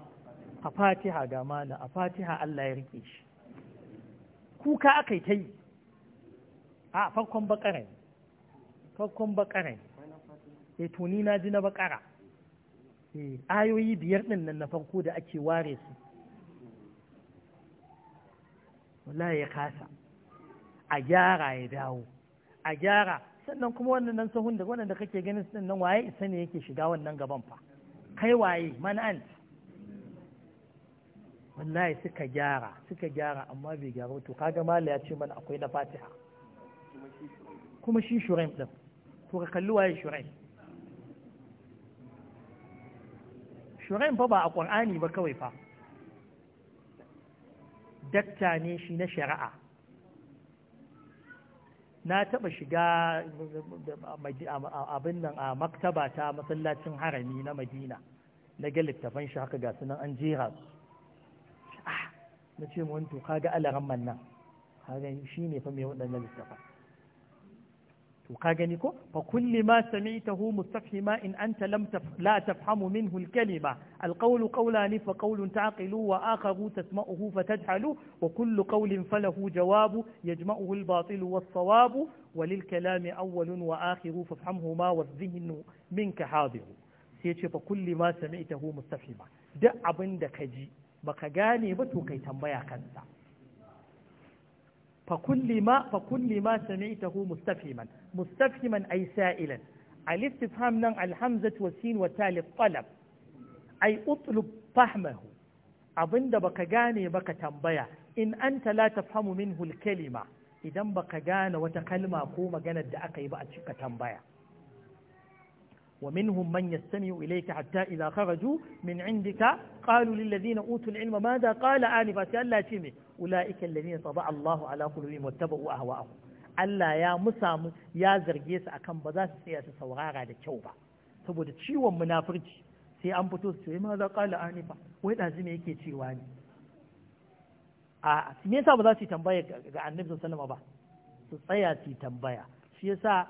a fatiha ga mana a fatiha Allah ya rike shi kuka aka yi ta yi a farkon bakarai farkon bakarai e eh, to ni na ji na bakara eh, ayoyi biyar din nan na farko da ake ware su wallahi ya kasa a gyara ya dawo a gyara sannan kuma wannan nan sahun da wannan da kake ganin sun nan waye isa ne yake shiga wannan gaban fa kai waye mana an wallahi suka gyara suka gyara amma bai gyara to kaga mala ya ce mana akwai na fatiha kuma shi shuraim din to ka kalli waye shuraim shuraim fa ba a qur'ani ba kawai fa dakta ne shi na shari'a na taɓa shiga abin nan a maktaba ta masallacin harami na madina na ga littafan shi haka ga nan an jera su ah, na ce wani to kaga alaran nan shi ne fa mai waɗannan littafan وكاغني كو فكل ما سمعته مستفهما ان انت لم تف... لا تفهم منه الكلمه القول قولان فقول تعقل واخر تسمعه فتجهل وكل قول فله جواب يجمعه الباطل والصواب وللكلام اول واخر فافهمهما والذهن منك حاضر سيتشي فكل ما سمعته مستفهما دع ابن دكجي بكاغني بتو كي تنبيا كنسا فكل ما فكل ما سمعته مستفهما مستفهما أي سائلا الاستفهام نن الحمزة والسين وتالي الطلب أي أطلب فهمه أظن بك جاني بك تنبيا إن أنت لا تفهم منه الكلمة إذا بك جان وتكلم أقوم جند أقيب أتشك تنبيا ومنهم من يستمع إليك حتى إذا خرجوا من عندك قالوا للذين أوتوا العلم ماذا قال آنفا ألا شمي أولئك الذين طبع الله على قلوبهم واتبعوا أهواءهم Allah ya musamu ya zarge su akan ba za su tsaya su saurara da kyau ba saboda ciwon munafurci sai an fito su ce eh, ma za anifa wai ɗazu yake cewa ne a me yasa ba za su tambaya ga annabi sallallahu alaihi wasallam ba su tsaya su yi tambaya shi yasa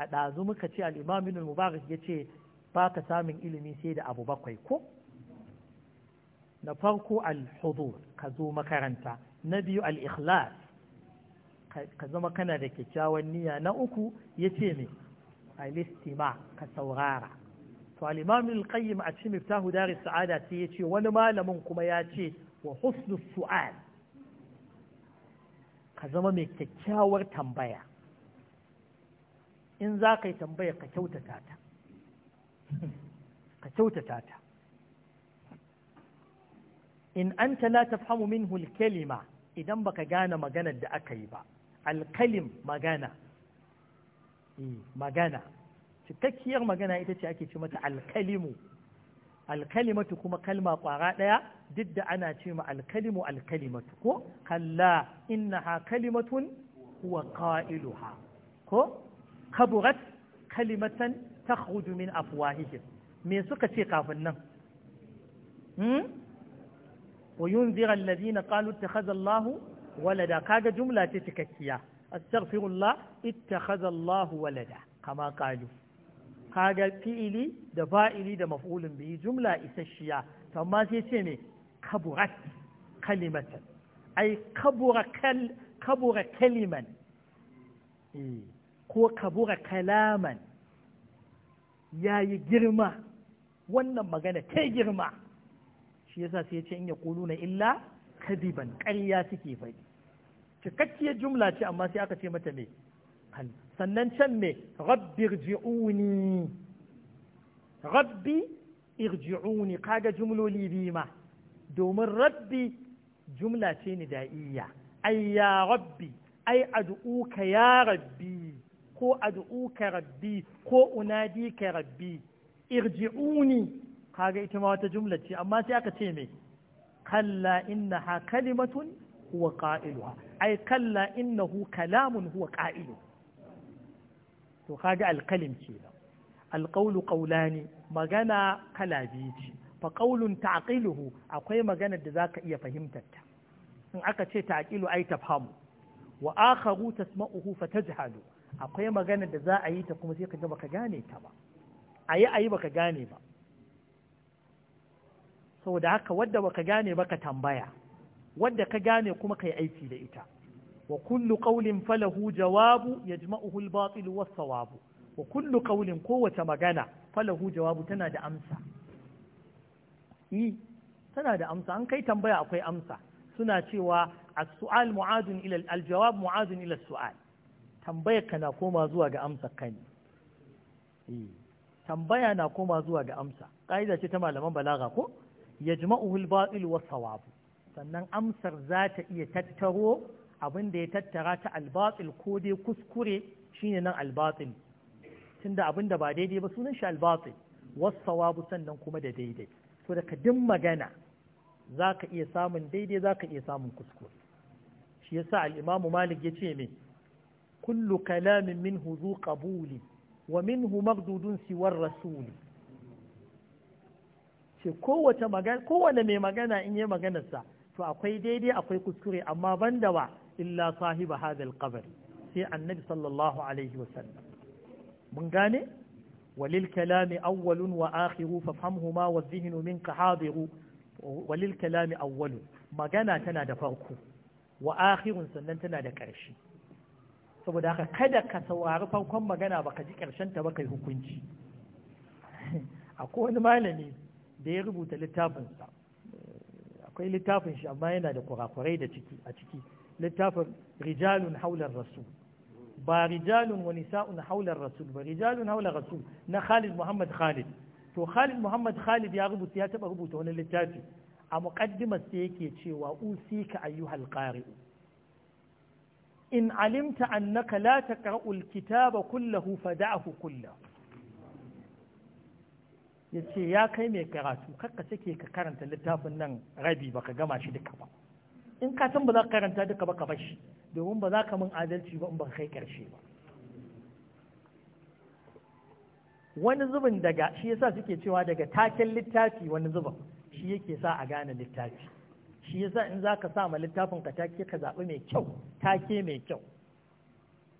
a ɗazu muka ce al'imam ibn mubarak ya ce ba ka samun ilimi sai da abu bakwai ko na farko al-hudur ka zo makaranta na biyu al-ikhlas ka zama kana da kyakkyawan niyya na uku ya ce me al-istima ka saurara to al-imam al-qayyim a cikin miftahu daris sa'ada sai ya ce wani malamin kuma ya ce wa husnul su'al ka zama mai kyakkyawar tambaya in za ka yi tambaya ka kyautata ta ka kyautata ta in an la tafhamu minhu kalima idan baka gane maganar da aka yi ba alkalim magana eh, magana cikakkiyar magana ita ce ake ce mata alkalimu alkalimatu kuma kalma kwara ɗaya duk da ana ce ma alkalimu alkalimatu ko kalla innaha kalimatun huwa qailuha ko kaburat kalimatan takhruju min afwahihim me suka ce kafin nan hmm? wa yunzira na qalu ittakhadha Allahu walada kaga jumla ce cikakkiya astaghfirullah ita Allahu walada kama qalu kaga fi'ili da fa'ili da maf'ulin bihi jumla isasshiya to amma sai ce ne kaburat kalimatan ai kabura kaliman eh. ko kabura kalaman ya yi girma wannan magana ta girma shi yasa sai ya ce in ya kulu na illa kadiban ƙarya suke faɗi cikakkiyar jumla ce amma sai aka ce mata me sannan can me rabbi irji'uni rabbi irji'uni kaga jumloli biyu ma domin rabbi jumla ce ni da'iyya ai ya rabbi ai ad'uka ya rabbi ko ad'uka rabbi ko unadika rabbi irji'uni kaga ita ma wata jumla ce amma sai aka ce me kalla innaha kalimatun huwa qa'iluha ai kalla innahu kalamun huwa qa'ilu to kaga alkalim kenan alqawlu qawlani magana kala biyu ce fa qawlun ta'qiluhu akwai magana da zaka iya fahimtar ta in aka ce ta'qilu ai tafhamu wa akharu tasma'uhu fatajhalu akwai magana da za a yi ta kuma sai ka ga baka gane ta ba a yi a yi baka gane ba saboda haka wadda baka gane baka tambaya wadda ka gane kuma yi aiki da ita wa kullu qawlin falahu jawabu yajma'uhu al-batil was-sawab wa kullu qawlin kowace magana falahu jawabu tana da amsa i e, tana da amsa an kai tambaya akwai amsa suna cewa as-su'al mu'adun ila al-jawab mu'adun ila as-su'al tambayar ka na koma zuwa ga amsa ka eh, tambaya na koma zuwa ga amsa ƙa'ida ce ta malaman balaga ko yajma'uhu al ba'il wa sawabu sannan amsar za ta iya tattaro abinda ya tattara ta albatil ko dai kuskure shine nan albatil tunda abin da ba daidai ba sunan shi albatil wasawabu sannan kuma da daidai to da din magana za ka iya samun daidai za ka iya samun kuskure shi yasa malik ya ce min. Kullu kalamin منه ذو قبول ومنه مردود سوى الرسول ce kowace magana mai magana in yi maganarsa to akwai daidai akwai kuskure amma banda wa illa sahiba hadal qabr sai annabi sallallahu alaihi wasallam mun gane walil kalami awwalun wa akhiru fafhamhuma wa dhihnu minka hadiru walil kalami awwalu, magana tana da farko wa akhirun sannan tana da ƙarshe saboda haka kada ka saurari farkon magana baka ji karshen ta baka hukunci *laughs* akwai wani malami da ya rubuta littafinsa akwai littafin shi amma yana da kurakurai da ciki a ciki littafin rijalun haular rasul ba rijalun wa nisa'un haular rasul ba rijalun haular rasul na Khalid Muhammad Khalid to Khalid Muhammad Khalid ya rubuta ya taba rubuta wani littafi a muqaddimas sai yake cewa usika ayyuhal qari'u in alimta annaka la taqra'ul kitaba kullahu fada'ahu kullahu yace ya kai mai karatu kakka take ka karanta littafin nan rabi baka gama shi duka ba in ka san ba za ka karanta duka ba ka bar shi domin ba za ka min adalci ba in ba kai karshe ba wani zubin daga shi yasa suke cewa daga taken littafi wani zubin shi yake sa a gane littafi shi yasa in za ka sa ma littafin ka take ka zaɓi mai kyau take mai kyau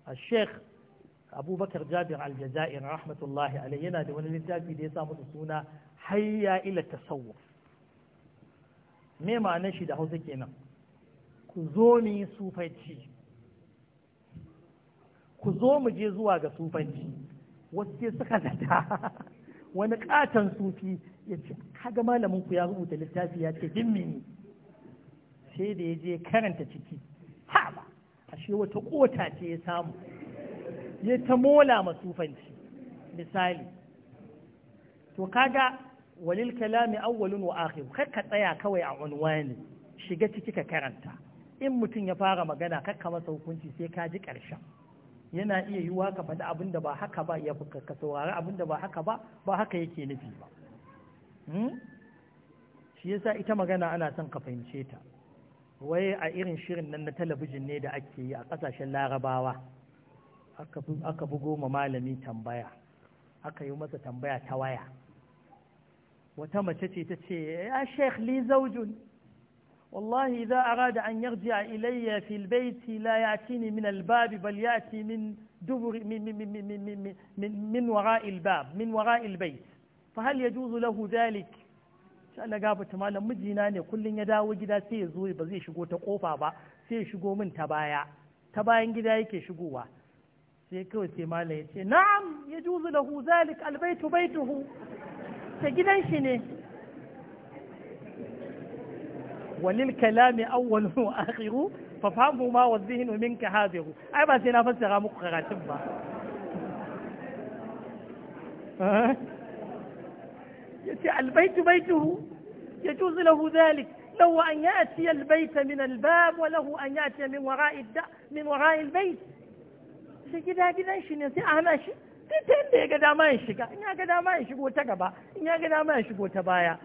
a sheikh abubakar jabir aljazair rahmatullahi alai yana da wani littafi da ya sa musu suna hayya ila tasawuf me ma'anar shi da hausa kenan ku zo mu yi sufanci ku zo mu je zuwa ga sufanci wasu sai suka zata *laughs* wani katon sufi ya ce kaga malamin ku ya rubuta littafi ya ce dimmi sai da ya je karanta ciki ha ba ashe wata kota ce ya samu ya ta mola masufanci misali to kaga walil kalami awwalun wa akhir kar ka tsaya kawai a unwani shiga ciki ka karanta in mutum ya fara magana kar ka masa hukunci sai ka ji karshen yana iya yiwuwa ka faɗi abin da ba haka ba ya ka saurari abin da ba haka ba ba haka yake nufi ba hmm? shi yasa ita magana ana son ka fahimce ta wai a irin shirin nan na talabijin ne da ake yi a ƙasashen larabawa aka bugo ma malami tambaya aka yi masa tambaya ta waya wata mace ce ta ce ya sheikh li zaujun wallahi idza arada an yarji a ilayya fi albayt la ya'tini min albab bal ya'ti min dubur min min min min min wara'i albab min wara'i albayt fa hal yajuzu lahu dhalik shi Allah gafarta malam mijina ne kullun ya dawo gida sai ya zo ba zai shigo ta kofa ba sai ya shigo min ta baya ta bayan gida yake shigowa sai kawai sai malam ya ce na'am ya juzu lahu zalik albaitu baituhu ta gidan shi ne walil kalami awwalu wa akhiru fa fahimu ma wa zihnu minka hadiru ai ba sai na fassara muku karatun ba *laughs* البيت بيته يجوز له ذلك لو أن يأتي البيت من الباب وله أن يأتي من وراء, الد... من وراء البيت سيجد هكذا شيء ي س ي ع ه ما شيء تتندي كذا ما يشكى انها كذا ما يشكى وتقبى انها كذا ما يشكى وتبايا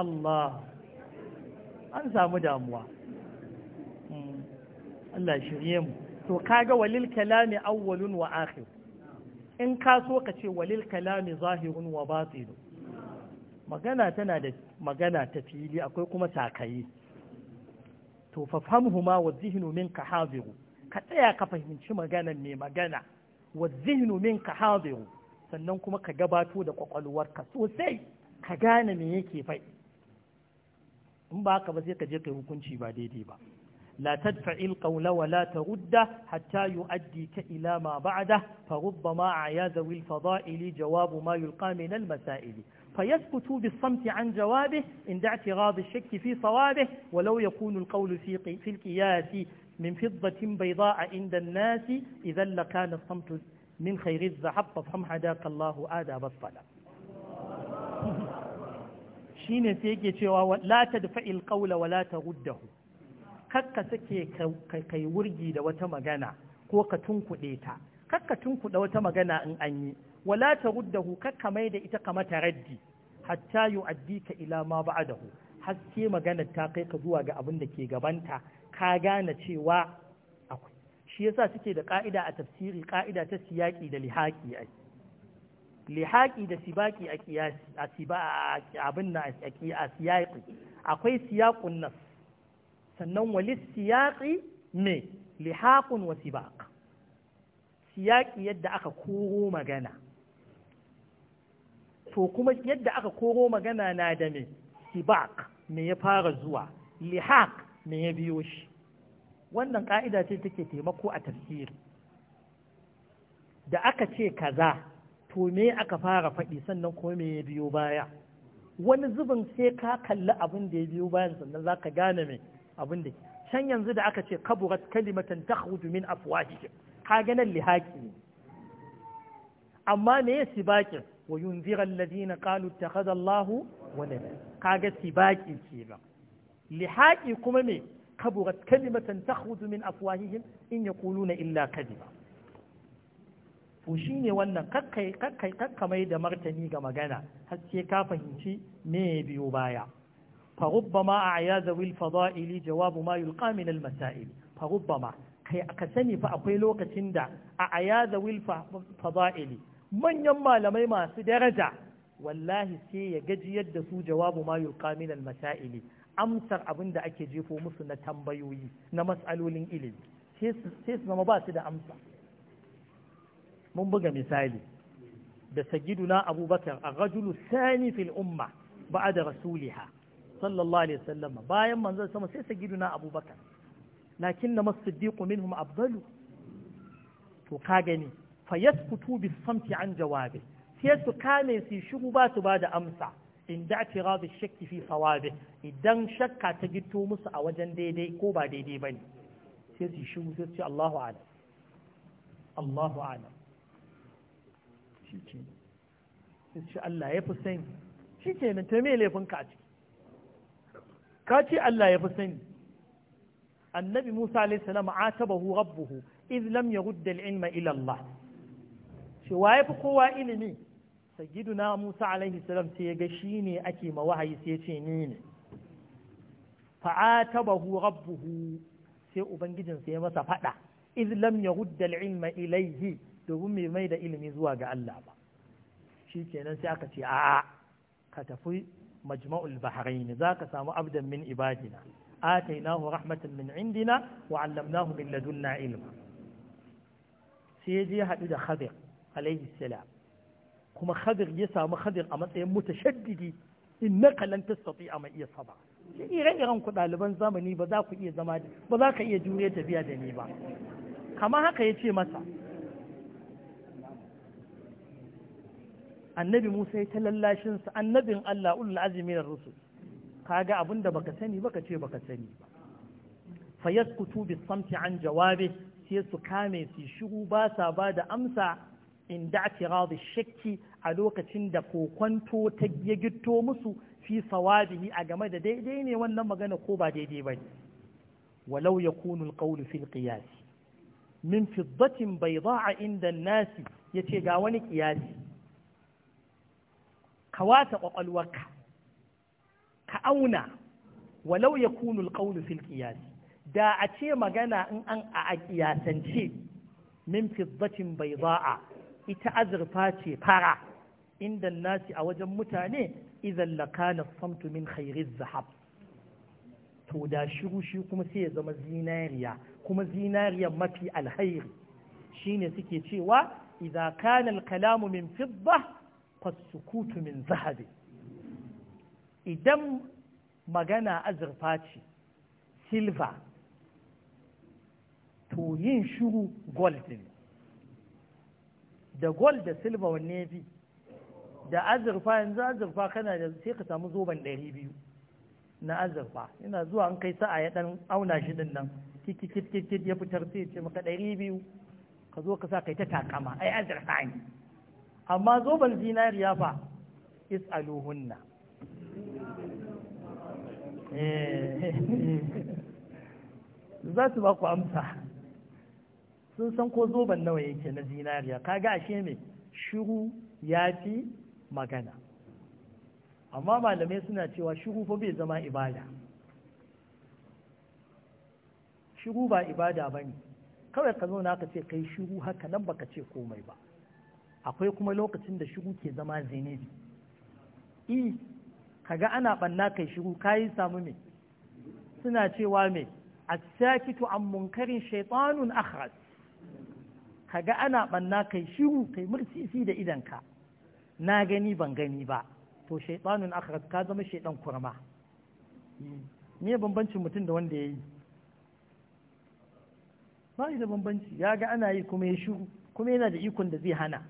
الله أ ن س ى مدامها الله شريم تو كاغا وللكلام أ و ل و آ خ ر إ ن كاسوكتي وللكلام ظاهر وباطل magana tana da magana ta fili akwai kuma sakaye to fafhamhuma wa zihnu minka hadiru ka tsaya ka fahimci maganar mai magana wa zihnu minka hadiru sannan kuma ka gabato da kwakwalwarka sosai ka gane me yake faɗi in ba haka ba sai ka je kai hukunci ba daidai ba la tadfa'il qawla wa la tarudda hatta yu'addi ka ila ma ba'da fa rubbama ayaza fada'ili jawabu ma yulqa min al masaili فيسكت بالصمت عن جوابه عند اعتراض الشك في صوابه ولو يكون القول في, في القياس من فضة بيضاء عند الناس إذا لكان الصمت من خير الذهب فهم هداك الله آداب الصلاة شين sai yake لا la القول ولا wa la taghuddahu kakka sake kai wurgi da wata magana ko ka tunkuɗe ta kakka tunkuɗe wala taruddahu kakka mai da ita kamata raddi hatta yu'addika ila ma ba'dahu haske magana ta kai ka zuwa ga abin da ke gabanta ka gane cewa akwai shi yasa suke da ka'ida a tafsiri ka'ida ta siyaki da lihaqi ai lihaqi da sibaki a kiyasi a siba abin na a siyaqi akwai siyaqun nas sannan walis siyaqi me lihaqun wa sibaq siyaqi yadda aka koro magana to kuma yadda aka koro magana na da me Sibak me ya fara zuwa lihaq me ya biyo shi wannan ka'ida ce take taimako a tafsiri da aka ce kaza to me aka fara faɗi sannan kuma me ya biyo baya wani zubin sai ka kalli abin da ya biyo bayan sannan za ka gane me abin da can yanzu da aka ce kaburat kalimatan takhruju min afwahihim ka ganin lihaqi amma me ya sibakin ziran yunzira alladhina qalu ittakhadha Allahu walada kaga sibaki kenan lihaƙi kuma me kaburat kalimatan takhruju min afwahihim in na illa kadiba to ne wannan kakkai kakkamai da martani ga magana har sai ka fahimci me biyo baya فربما أعيا ذوي الفضائل جواب ما يلقى من المسائل ma kai aka sani fa akwai lokacin da a aya da wil fada'ili manyan malamai masu daraja wallahi sai ya gaji yadda su jawabu ma yulqa min al-masaili amsar abin da ake jefo musu na tambayoyi na matsalolin ilimi sai su zama ba su da amsa mun buga misali da sagiduna abubakar a rajulu sani fil umma ba da rasuliha sallallahu alaihi wasallam bayan manzon sama sai sagiduna abubakar lakin na masu minhum abdalu to ka gani fa yaskutu bis samti an jawabi sai su kame su shiru ba su ba da amsa in da i'tirad ash-shakk fi sawabe idan shakka ta gito musu a wajen daidai ko ba daidai bane sai su shiru sai su ce Allahu a'lam Allahu a'lam shi ce Allah ya fi sani shi ke nan ta me laifinka a ciki ka ce Allah ya fi sani annabi Musa alaihi salam atabahu rabbuhu iz lam yurd al-ilma ila Allah ce waye fi kowa ilimi na Musa alaihi salam sai ya ga shine ake ma wahayi sai ce ni ne fa'atabahu rabbuhu sai ubangijinsa ya masa fada idh lam yahudda al-ilma ilayhi domin mai mai da ilimi zuwa ga Allah ba kenan sai aka ce a'a ka tafi majma'ul bahrain zaka samu abdan min ibadina atainahu rahmatan min indina wa 'allamnahu min ladunna ilma sai ya je hadu da khadir alaihi salam kuma khadir ya samu khadir a matsayin na innaka lan a ma iya saba ire iren ku ɗaliban zamani ba za ku iya zama ba za ka iya jure tafiya da ni ba kama haka ya ce masa annabi Musa ya ta lallashinsa annabin Allah ulul azmi da rusul kaga abin da baka sani baka ce baka sani ba fayaskutu bis samti an jawabi sai su kame su shiru ba sa ba da amsa In inda atiradu shakki a lokacin da kokwanto ta ya gitto musu fi sawabihi a game da daidai ne wannan magana ko ba daidai ba ne walau yakunu alqawlu fil qiyas min fiddatin bayda'a inda an-nasi yace ga wani qiyasi ka wata kwakwalwarka ka auna walau yakunu alqawlu fil qiyas da a ce magana in an a kiyasance min fiddatin bayda'a ita azurfa ce fara inda nasi a wajen mutane idan lakana samtu min khairi zahab to da shiru shi kuma sai ya zama zinariya kuma zinariya mafi alhairi shine suke cewa idan kana alkalamu min fidda fasukutu min zahabi idan magana azurfa ce silva to yin shiru gold ne da gol da silva wanne fi da azurfa yanzu azurfa kana da sai ka samu zoban ɗari biyu na azurfa ina zuwa an kai sa'a ya ɗan auna shi ɗin nan kikikikikik ya fitar sai ce maka ɗari biyu ka zo ka sa kai ta takama ai azurfa ne amma zoban zinariya fa is-aluhunna. Eh. *laughs* za su ba ku amsa sun san ko zoben nawa yake na zinariya Ka ga ashe mai shiru ya fi magana amma malamai suna cewa shiru fa bai zama ibada shiru ba ibada ba ne kawai ka zauna ka ce kai shiru haka nan ka ce komai ba akwai kuma lokacin da shiru ke zama zinari. i kaga ana ɓanna kai shiru kayi samu mai suna cewa mai a sakitu an munkarin shaitanun akhras ka ga ana ɓanna kai shiru kai mursisi da idanka na gani ban gani ba to shaiɗanun aka ka zama shaiɗan kurma me bambancin mutum da wanda ya yi ba da bambanci ya ga ana yi kuma ya shiru kuma yana da ikon da zai hana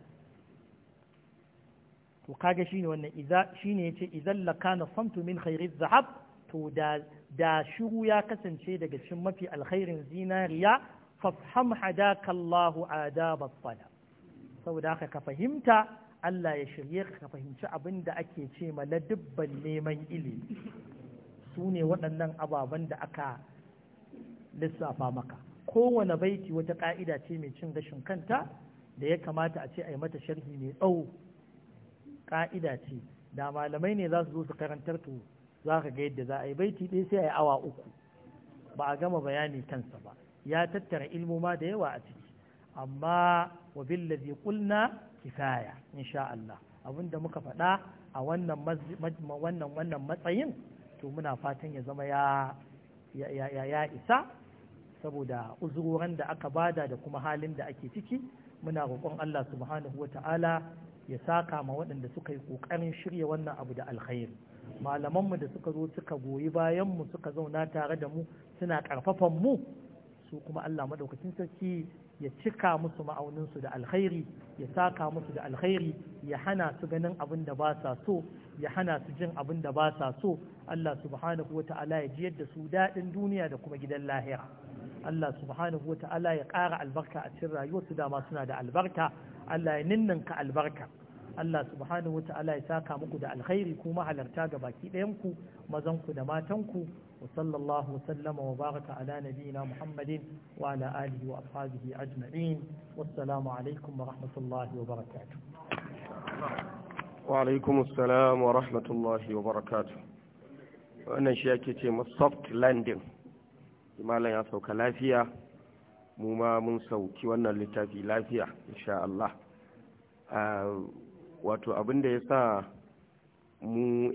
to kaga shine wannan iza shine yace idan la kana samtu min khairi zahab to da da shiru ya kasance daga cikin mafi alkhairin zinariya fafham hadaka Allahu adaba tsala saboda haka ka fahimta Allah ya shirye ka fahimci abin da ake ce ma ladubban neman ilimi su ne waɗannan ababen da aka lissafa maka kowane baiti wata ƙa'ida ce mai cin gashin kanta da ya kamata a ce a yi mata sharhi mai tsawo ƙa'ida ce da malamai ne za su zo su karantar to za ka ga yadda za a yi baiti ɗaya sai a yi awa uku ba a gama bayani kansa ba ya tattara ilmoma da yawa a ciki amma wa billazi qulna kifaya insha Allah abinda muka faɗa a wannan wannan wannan matsayin to muna fatan ya zama ya ya isa saboda uzuroran da aka bada da kuma halin da ake ciki muna roƙon Allah subhanahu wa ta'ala ya saka ma waɗanda suka yi ƙoƙarin shirya wannan abu da alkhairi malamanmu da suka zo suka goyi bayanmu suka zauna tare da mu suna ƙarfafan mu su kuma Allah madaukakin sarki ya cika musu ma'auninsu da alkhairi ya saka musu da alkhairi ya hana su ganin abin da ba sa so ya hana su jin abin da ba sa so Allah subhanahu wa ta'ala ya jiyar da su daɗin duniya da kuma gidan lahira Allah subhanahu wa ta'ala ya ƙara albarka a cikin su dama suna da albarka Allah ya ninninka albarka Allah subhanahu wa ta'ala ya saka muku da alkhairi kuma halarta ga baki ɗayanku mazanku da matanku وصلى الله وسلم وبارك على نبينا محمد وعلى آله وأصحابه أجمعين والسلام عليكم ورحمة الله وبركاته وعليكم السلام ورحمة الله وبركاته وأنا شاكتي من الصفت لاندين ما لا يسوك لافية مما من سوكي وأنا لتافي لافية إن شاء الله آه واتو أبن ديسا مو